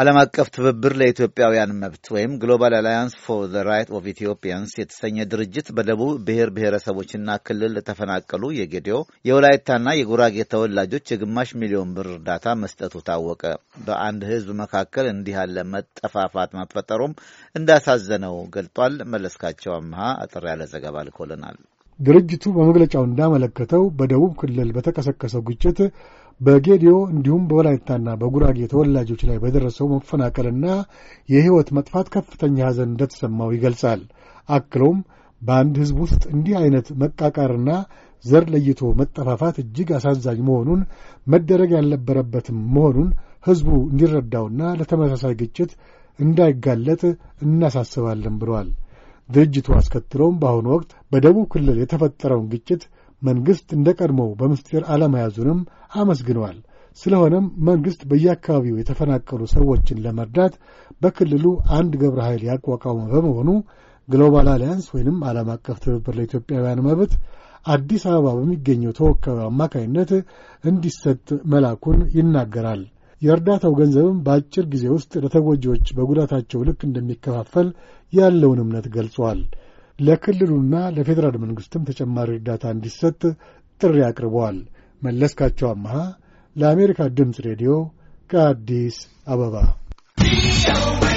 ዓለም አቀፍ ትብብር ለኢትዮጵያውያን መብት ወይም ግሎባል አላያንስ ፎር ዘ ራይት ኦፍ ኢትዮጵያንስ የተሰኘ ድርጅት በደቡብ ብሔር ብሔረሰቦችና ክልል ለተፈናቀሉ የጌዲዮ የወላይታና የጉራጌ ተወላጆች የግማሽ ሚሊዮን ብር እርዳታ መስጠቱ ታወቀ። በአንድ ሕዝብ መካከል እንዲህ ያለ መጠፋፋት መፈጠሩም እንዳሳዘነው ገልጧል። መለስካቸው አምሃ አጠር ያለ ዘገባ ልኮልናል። ድርጅቱ በመግለጫው እንዳመለከተው በደቡብ ክልል በተቀሰቀሰው ግጭት በጌዲዮ እንዲሁም በወላይታና በጉራጌ ተወላጆች ላይ በደረሰው መፈናቀልና የሕይወት መጥፋት ከፍተኛ ሐዘን እንደተሰማው ይገልጻል። አክለውም በአንድ ሕዝብ ውስጥ እንዲህ አይነት መቃቃርና ዘር ለይቶ መጠፋፋት እጅግ አሳዛኝ መሆኑን መደረግ ያልነበረበትም መሆኑን ሕዝቡ እንዲረዳውና ለተመሳሳይ ግጭት እንዳይጋለጥ እናሳስባለን ብሏል። ድርጅቱ አስከትሎም በአሁኑ ወቅት በደቡብ ክልል የተፈጠረውን ግጭት መንግሥት እንደ ቀድሞው በምስጢር አለመያዙንም አመስግነዋል። ስለሆነም መንግሥት በየአካባቢው የተፈናቀሉ ሰዎችን ለመርዳት በክልሉ አንድ ግብረ ኃይል ያቋቋመ በመሆኑ ግሎባል አሊያንስ ወይንም ዓለም አቀፍ ትብብር ለኢትዮጵያውያን መብት አዲስ አበባ በሚገኘው ተወካዩ አማካኝነት እንዲሰጥ መላኩን ይናገራል። የእርዳታው ገንዘብም በአጭር ጊዜ ውስጥ ለተጎጂዎች በጉዳታቸው ልክ እንደሚከፋፈል ያለውን እምነት ገልጿል። ለክልሉና ለፌዴራል መንግሥትም ተጨማሪ እርዳታ እንዲሰጥ ጥሪ አቅርበዋል። መለስካቸው አመሃ ለአሜሪካ ድምፅ ሬዲዮ ከአዲስ አበባ